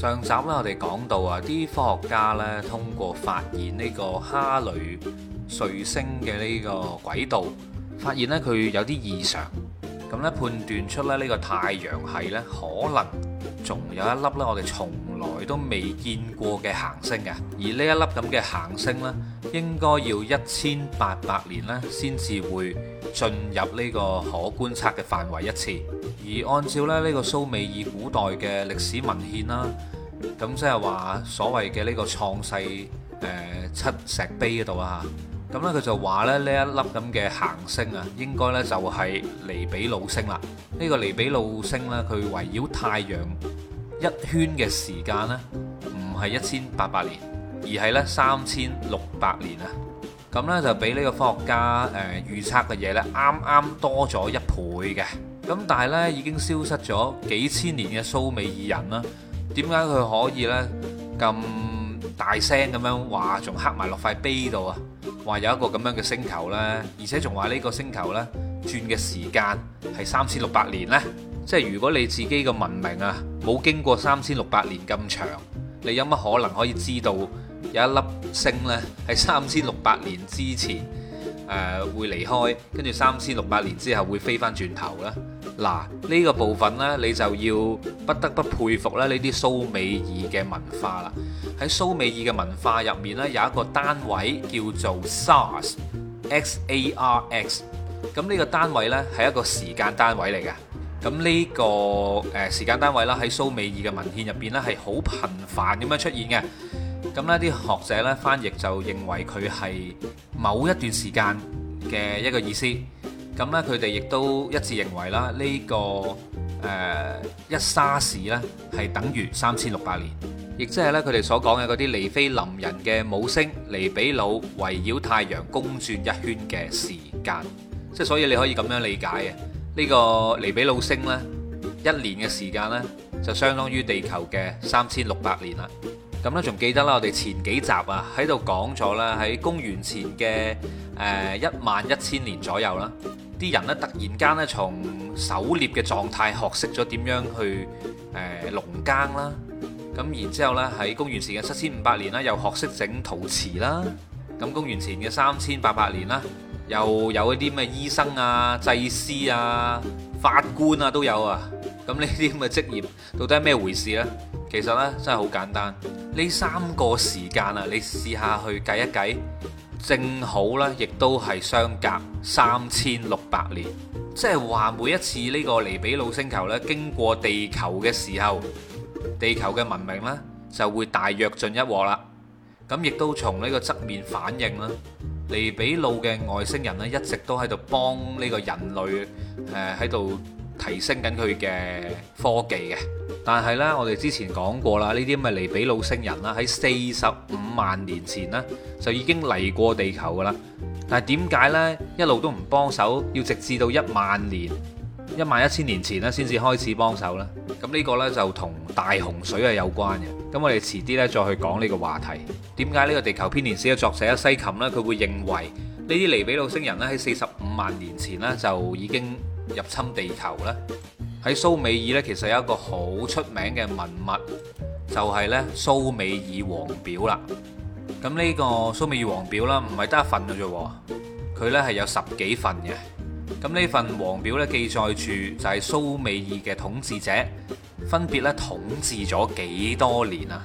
上集咧，我哋講到啊，啲科學家咧通過發現呢個哈雷彗星嘅呢個軌道，發現咧佢有啲異常，咁咧判斷出咧呢個太陽系咧可能仲有一粒咧我哋從來都未見過嘅行星嘅，而呢一粒咁嘅行星呢應該要一千八百年呢先至會進入呢個可觀測嘅範圍一次。而按照咧呢個蘇美爾古代嘅歷史文獻啦，咁即係話所謂嘅呢個創世誒、呃、七石碑嗰度啊，咁呢，佢就話咧呢一粒咁嘅行星啊，應該呢就係尼比魯星啦。呢、呢個尼比魯星呢，佢圍繞太陽。一圈嘅時間呢，唔係一千八百年，而係呢三千六百年啊！咁呢，就俾呢個科學家誒預測嘅嘢呢，啱啱多咗一倍嘅。咁但係呢，已經消失咗幾千年嘅蘇美爾人啦。點解佢可以呢，咁大聲咁樣話，仲刻埋落塊碑度啊？話有一個咁樣嘅星球呢，而且仲話呢個星球呢，轉嘅時間係三千六百年呢。即係如果你自己個文明啊，冇經過三千六百年咁長，你有乜可能可以知道有一粒星呢？喺三千六百年之前誒、呃、會離開，跟住三千六百年之後會飛翻轉頭呢？嗱，呢、呢個部分呢，你就要不得不佩服咧呢啲蘇美爾嘅文化啦。喺蘇美爾嘅文化入面呢，有一個單位叫做 sars x a r x，咁呢個單位呢，係一個時間單位嚟嘅。咁呢個誒時間單位啦，喺蘇美爾嘅文獻入邊咧係好頻繁咁樣出現嘅。咁咧啲學者咧翻譯就認為佢係某一段時間嘅一個意思。咁咧佢哋亦都一致認為啦，呢個誒一沙士咧係等於三千六百年，亦即係咧佢哋所講嘅嗰啲尼非林人嘅母星尼比魯圍繞太陽公轉一圈嘅時間，即係所以你可以咁樣理解嘅。呢個尼比魯星咧，一年嘅時間咧，就相當於地球嘅三千六百年啦。咁咧仲記得啦，我哋前幾集啊喺度講咗啦，喺公元前嘅誒一萬一千年左右啦，啲人咧突然間咧從狩獵嘅狀態學識咗點樣去誒農耕啦。咁然之後咧喺公元前嘅七千五百年啦，又學識整陶瓷啦。咁公元前嘅三千八百年啦。又有一啲咩醫生啊、祭司啊、法官啊都有啊，咁呢啲咁嘅職業到底係咩回事呢？其實呢，真係好簡單，呢三個時間啊，你試下去計一計，正好呢，亦都係相隔三千六百年，即係話每一次呢個尼比魯星球呢，經過地球嘅時候，地球嘅文明呢就會大躍進一鑊啦，咁亦都從呢個側面反映啦。尼比魯嘅外星人呢，一直都喺度幫呢個人類，誒喺度提升緊佢嘅科技嘅。但係呢，我哋之前講過啦，呢啲咪尼比魯星人啦，喺四十五萬年前呢就已經嚟過地球㗎啦。但係點解呢？一路都唔幫手，要直至到一萬年，一萬一千年前咧，先至開始幫手啦。咁呢個呢就同大洪水係有關嘅。咁我哋遲啲呢再去講呢個話題。點解呢個地球編年史嘅作者西琴呢，佢會認為呢啲尼比魯星人呢，喺四十五萬年前呢，就已經入侵地球。呢喺蘇美爾呢，其實有一個好出名嘅文物，就係呢蘇美爾王表啦。咁呢個蘇美爾王表啦，唔係得一份嘅啫喎，佢呢係有十幾份嘅。咁呢份王表咧，記載住就係蘇美爾嘅統治者，分別咧統治咗幾多年啊？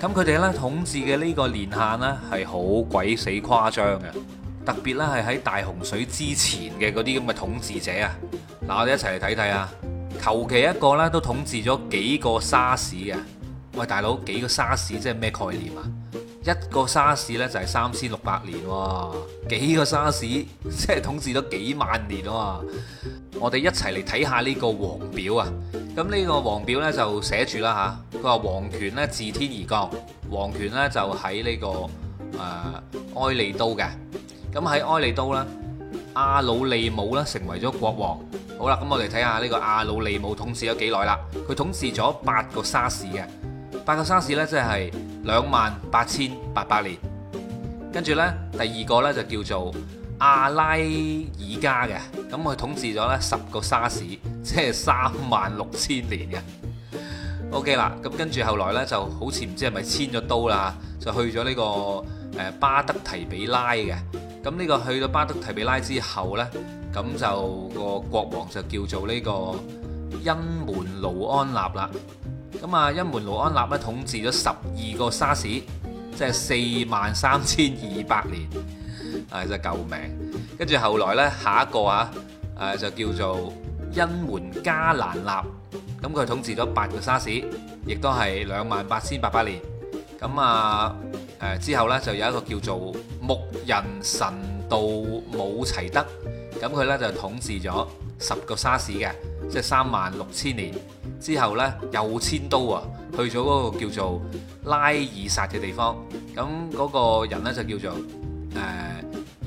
咁佢哋咧統治嘅呢個年限咧係好鬼死誇張嘅，特別咧係喺大洪水之前嘅嗰啲咁嘅統治者啊！嗱，我哋一齊嚟睇睇啊！求其一個呢都統治咗幾個沙士嘅，喂，大佬幾個沙士即係咩概念啊？一個沙士咧就係三千六百年喎，幾個沙士即係統治咗幾萬年喎。我哋一齊嚟睇下呢個王表啊。咁、這、呢個王表呢，就寫住啦吓，佢話王權呢，自天而降，王權呢、這個，就喺呢個誒埃利都嘅。咁喺埃利都咧，阿魯利姆呢，成為咗國王。好啦，咁我哋睇下呢個阿魯利姆統治咗幾耐啦？佢統治咗八個沙士嘅，八個沙士呢，即係。兩萬八千八百年，跟住呢，第二個呢就叫做阿拉爾加嘅，咁、嗯、佢統治咗呢十個沙士，即係三萬六千年嘅。OK 啦，咁跟住後來呢，就好似唔知係咪遷咗刀啦，就去咗呢、這個誒、呃、巴德提比拉嘅。咁、嗯、呢、這個去咗巴德提比拉之後呢，咁就、這個國王就叫做呢個恩門盧安納啦。咁啊，恩門羅安納咧統治咗十二個沙士，即係四萬三千二百年，啊，真係救命！跟住後來咧，下一個嚇，誒就叫做恩門加蘭納，咁佢統治咗八個沙士，亦都係兩萬八千八百年。咁啊，誒之後咧就有一個叫做牧人神道姆齊德，咁佢咧就統治咗十個沙士嘅，即係三萬六千年。之後呢，又遷都啊，去咗嗰個叫做拉爾薩嘅地方。咁嗰個人呢，就叫做誒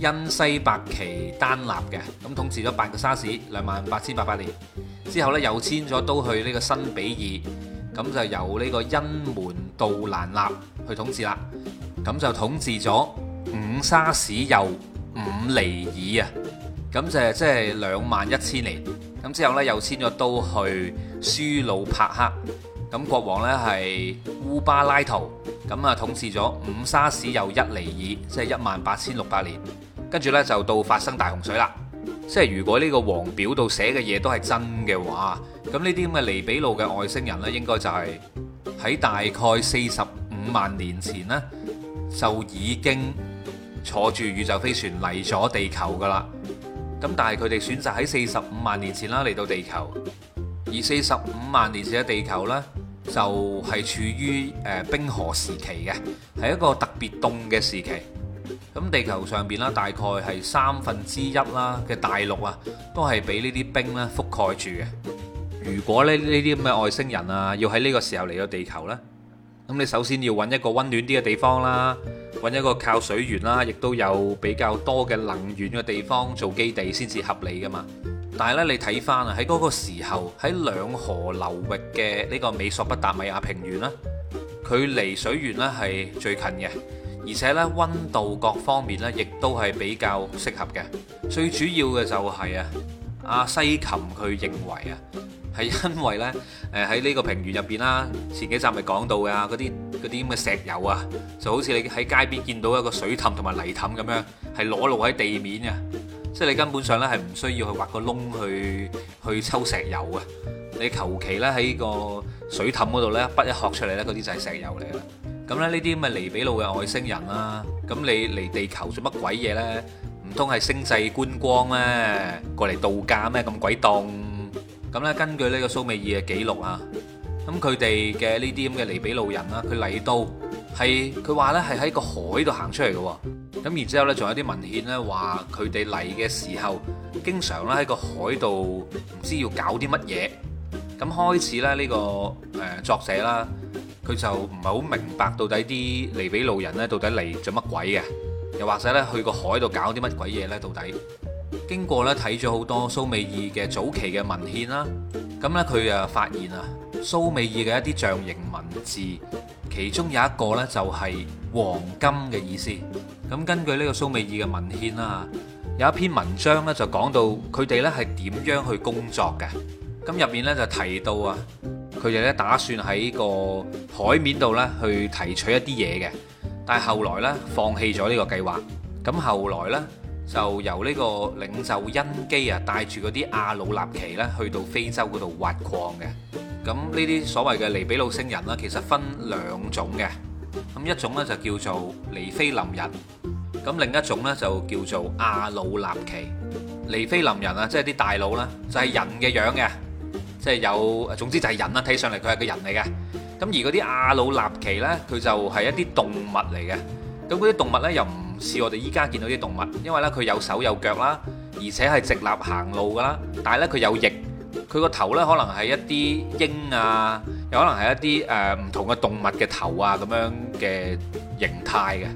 恩、呃、西伯奇丹納嘅。咁統治咗八個沙士，兩萬八千八百年。之後呢，又遷咗都去呢個新比爾。咁就由呢個恩門杜蘭納去統治啦。咁就統治咗五沙士又五尼爾啊。咁就即係兩萬一千年。咁之後呢，又遷咗都去舒魯帕克。咁國王呢，係烏巴拉圖。咁啊統治咗五沙士又一尼爾，即係一萬八千六百年。跟住呢，就到發生大洪水啦。即係如果呢個王表度寫嘅嘢都係真嘅話，咁呢啲咁嘅尼比魯嘅外星人呢，應該就係喺大概四十五萬年前呢，就已經坐住宇宙飛船嚟咗地球噶啦。咁但係佢哋選擇喺四十五萬年前啦嚟到地球，而四十五萬年前嘅地球呢，就係處於誒冰河時期嘅，係一個特別凍嘅時期。咁地球上邊啦，大概係三分之一啦嘅大陸啊，都係俾呢啲冰啦覆蓋住嘅。如果咧呢啲咁嘅外星人啊，要喺呢個時候嚟到地球咧，咁你首先要揾一個温暖啲嘅地方啦。揾一個靠水源啦，亦都有比較多嘅能源嘅地方做基地先至合理㗎嘛。但係呢，你睇翻啊，喺嗰個時候喺兩河流域嘅呢個美索不達米亞平原啦，距離水源呢係最近嘅，而且呢温度各方面呢亦都係比較適合嘅。最主要嘅就係、是、啊，阿西琴佢認為啊。係因為咧，誒喺呢個平原入邊啦，前幾集咪講到嘅啊，嗰啲嗰啲咁嘅石油啊，就好似你喺街邊見到一個水氹同埋泥氹咁樣，係裸露喺地面嘅，即係你根本上咧係唔需要去挖個窿去去抽石油嘅，你求其咧喺個水氹嗰度咧，不一殼出嚟咧，嗰啲就係石油嚟啦。咁咧呢啲咁嘅尼比魯嘅外星人啦，咁你嚟地球做乜鬼嘢咧？唔通係星際觀光咩？過嚟度假咩？咁鬼凍！咁咧，根據呢個蘇美爾嘅記錄啊，咁佢哋嘅呢啲咁嘅尼比魯人啦，佢嚟到係佢話咧係喺個海度行出嚟嘅喎。咁然之後呢，仲有啲文獻呢話佢哋嚟嘅時候，經常咧喺個海度唔知要搞啲乜嘢。咁開始咧呢個誒作者啦，佢就唔係好明白到底啲尼比魯人咧到底嚟咗乜鬼嘅，又或者咧去個海度搞啲乜鬼嘢呢？到底。經過咧睇咗好多蘇美爾嘅早期嘅文獻啦，咁咧佢啊發現啊蘇美爾嘅一啲象形文字，其中有一個呢就係黃金嘅意思。咁根據呢個蘇美爾嘅文獻啦，有一篇文章呢就講到佢哋呢係點樣去工作嘅。咁入面呢就提到啊，佢哋呢打算喺個海面度呢去提取一啲嘢嘅，但係後來呢放棄咗呢個計劃。咁後來呢。就由呢個領袖恩基啊帶住嗰啲阿努納奇咧去到非洲嗰度挖礦嘅。咁呢啲所謂嘅尼比魯星人啦，其實分兩種嘅。咁一種咧就叫做尼菲林人，咁另一種咧就叫做阿努納奇。尼菲林人啊，即係啲大佬啦，就係人嘅樣嘅，即係有，總之就係人啦，睇上嚟佢係個人嚟嘅。咁而嗰啲阿努納奇咧，佢就係一啲動物嚟嘅。咁嗰啲動物咧又唔似我哋依家見到啲動物，因為咧佢有手有腳啦，而且係直立行路噶啦，但係咧佢有翼，佢個頭咧可能係一啲鷹啊，有可能係一啲誒唔同嘅動物嘅頭啊，咁樣嘅形態嘅。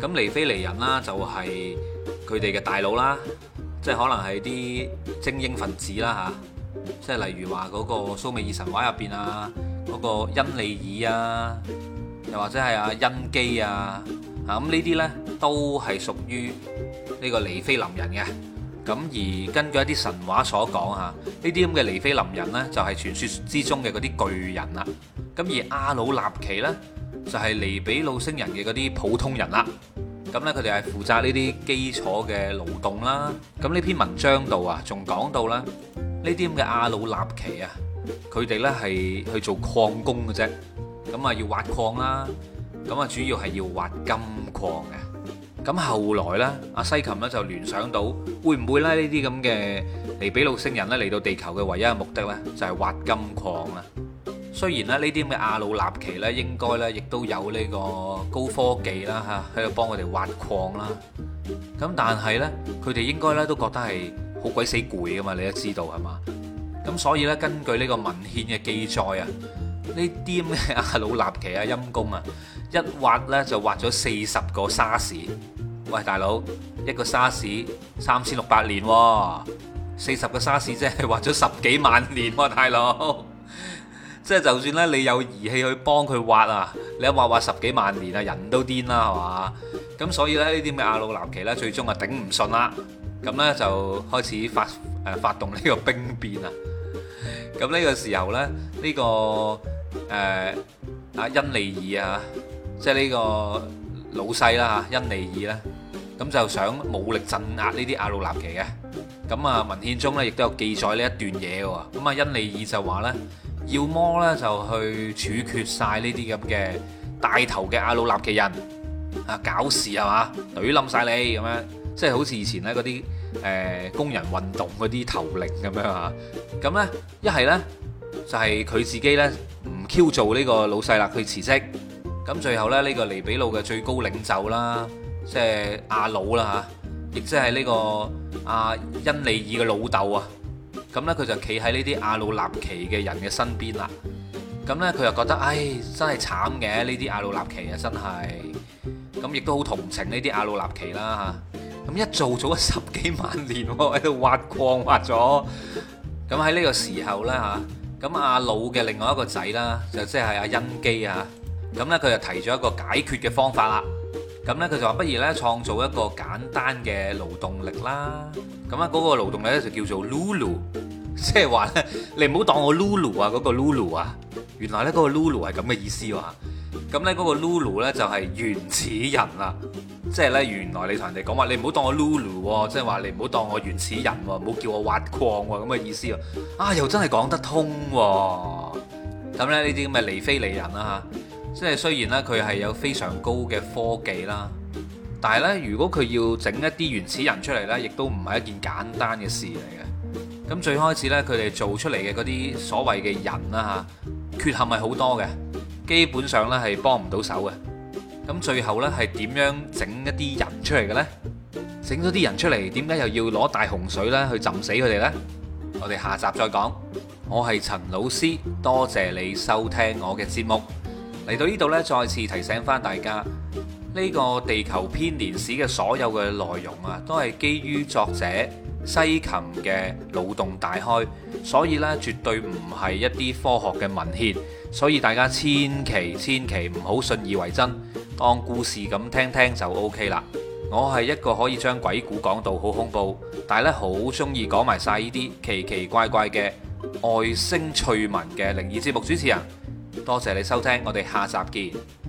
咁尼非尼人啦，就係佢哋嘅大佬啦，即係可能係啲精英分子啦吓，即係例如話嗰個蘇美爾神話入邊啊，嗰個恩利爾啊。又或者係阿恩基啊，啊咁呢啲呢都係屬於呢個尼非林人嘅。咁而根據一啲神話所講嚇，呢啲咁嘅尼非林人呢，就係傳說之中嘅嗰啲巨人啦。咁而阿努納奇呢，就係尼比魯星人嘅嗰啲普通人啦。咁呢，佢哋係負責呢啲基礎嘅勞動啦。咁呢篇文章度啊，仲講到啦，呢啲咁嘅阿努納奇啊，佢哋呢係去做礦工嘅啫。咁啊，要挖礦啦！咁啊，主要係要挖金礦嘅。咁後來呢，阿西琴呢就聯想到，會唔會咧呢啲咁嘅尼比魯星人呢，嚟到地球嘅唯一嘅目的呢，就係挖金礦啊？雖然咧呢啲咁嘅阿魯納奇呢應該呢亦都有呢個高科技啦，吓喺度幫我哋挖礦啦。咁但係呢，佢哋應該呢都覺得係好鬼死攰噶嘛，你都知道係嘛？咁所以呢，根據呢個文獻嘅記載啊。呢啲咩阿魯納奇啊，陰公啊，一挖呢就挖咗四十個沙士。喂，大佬，一個沙士三千六百年，啊，四十個沙士即係挖咗十幾萬年，啊，大佬，即 係就，就算呢，你有儀器去幫佢挖啊，你一挖挖十幾萬年啊，人都癲啦，係嘛？咁所以咧呢啲咩阿魯納奇呢，最終啊頂唔順啦，咁呢，就開始發誒、啊、發動呢個兵變啊！咁呢個時候咧，呢個誒阿恩利爾啊，即係呢個老世啦嚇，恩利爾咧，咁就想武力鎮壓呢啲阿魯納奇嘅。咁啊，文獻中咧亦都有記載呢一段嘢喎。咁啊，恩利爾就話咧，要麼咧就去處決曬呢啲咁嘅帶頭嘅阿魯納奇人啊，搞事係嘛，懟冧曬你咁樣，即係好似以前咧嗰啲。誒、呃，工人運動嗰啲頭領咁樣吓，咁呢一係呢，就係佢自己呢唔 Q 做呢個老細啦，佢辭職，咁最後咧呢個尼比魯嘅最高領袖啦，即係阿魯啦吓，亦即係呢個阿恩利爾嘅老豆啊，咁呢佢就企喺呢啲阿魯納奇嘅人嘅身邊啦，咁呢，佢又覺得唉，真係慘嘅呢啲阿魯納奇啊，真係，咁亦都好同情呢啲阿魯納奇啦吓。咁一做做咗十幾萬年喎，喺度挖礦挖咗。咁喺呢個時候呢，嚇、啊，咁阿老嘅另外一個仔啦，就即係阿恩基嚇。咁、啊、呢，佢、啊、就提咗一個解決嘅方法啦。咁、啊、呢，佢、啊、就話：不如呢，創造一個簡單嘅勞動力啦。咁啊嗰、那個勞動力就叫做 Lulu，即係話呢，你唔好當我 Lulu 啊，嗰個 Lulu 啊，原來呢，嗰個 Lulu 係咁嘅意思喎。咁、啊、呢，嗰、那個 Lulu 呢，就係原始人啦。即係咧，原來你同人哋講話，你唔好當我 Lulu 喎，即係話你唔好當我原始人喎，唔好叫我挖礦喎，咁嘅意思喎。啊，又真係講得通喎、啊。咁咧呢啲咁嘅尼非尼人啦吓，即係雖然咧佢係有非常高嘅科技啦，但係咧如果佢要整一啲原始人出嚟咧，亦都唔係一件簡單嘅事嚟嘅。咁最開始咧，佢哋做出嚟嘅嗰啲所謂嘅人啦吓，缺陷係好多嘅，基本上咧係幫唔到手嘅。咁最後呢，係點樣整一啲人出嚟嘅呢？整咗啲人出嚟，點解又要攞大洪水咧去浸死佢哋呢？我哋下集再講。我係陳老師，多謝你收聽我嘅節目。嚟到呢度呢，再次提醒翻大家呢個地球編年史嘅所有嘅內容啊，都係基於作者西琴嘅腦洞大開，所以呢，絕對唔係一啲科學嘅文獻，所以大家千祈千祈唔好信以為真。按故事咁聽聽就 O K 啦。我係一個可以將鬼故講到好恐怖，但係咧好中意講埋晒呢啲奇奇怪怪嘅外星趣聞嘅靈異節目主持人。多謝你收聽，我哋下集見。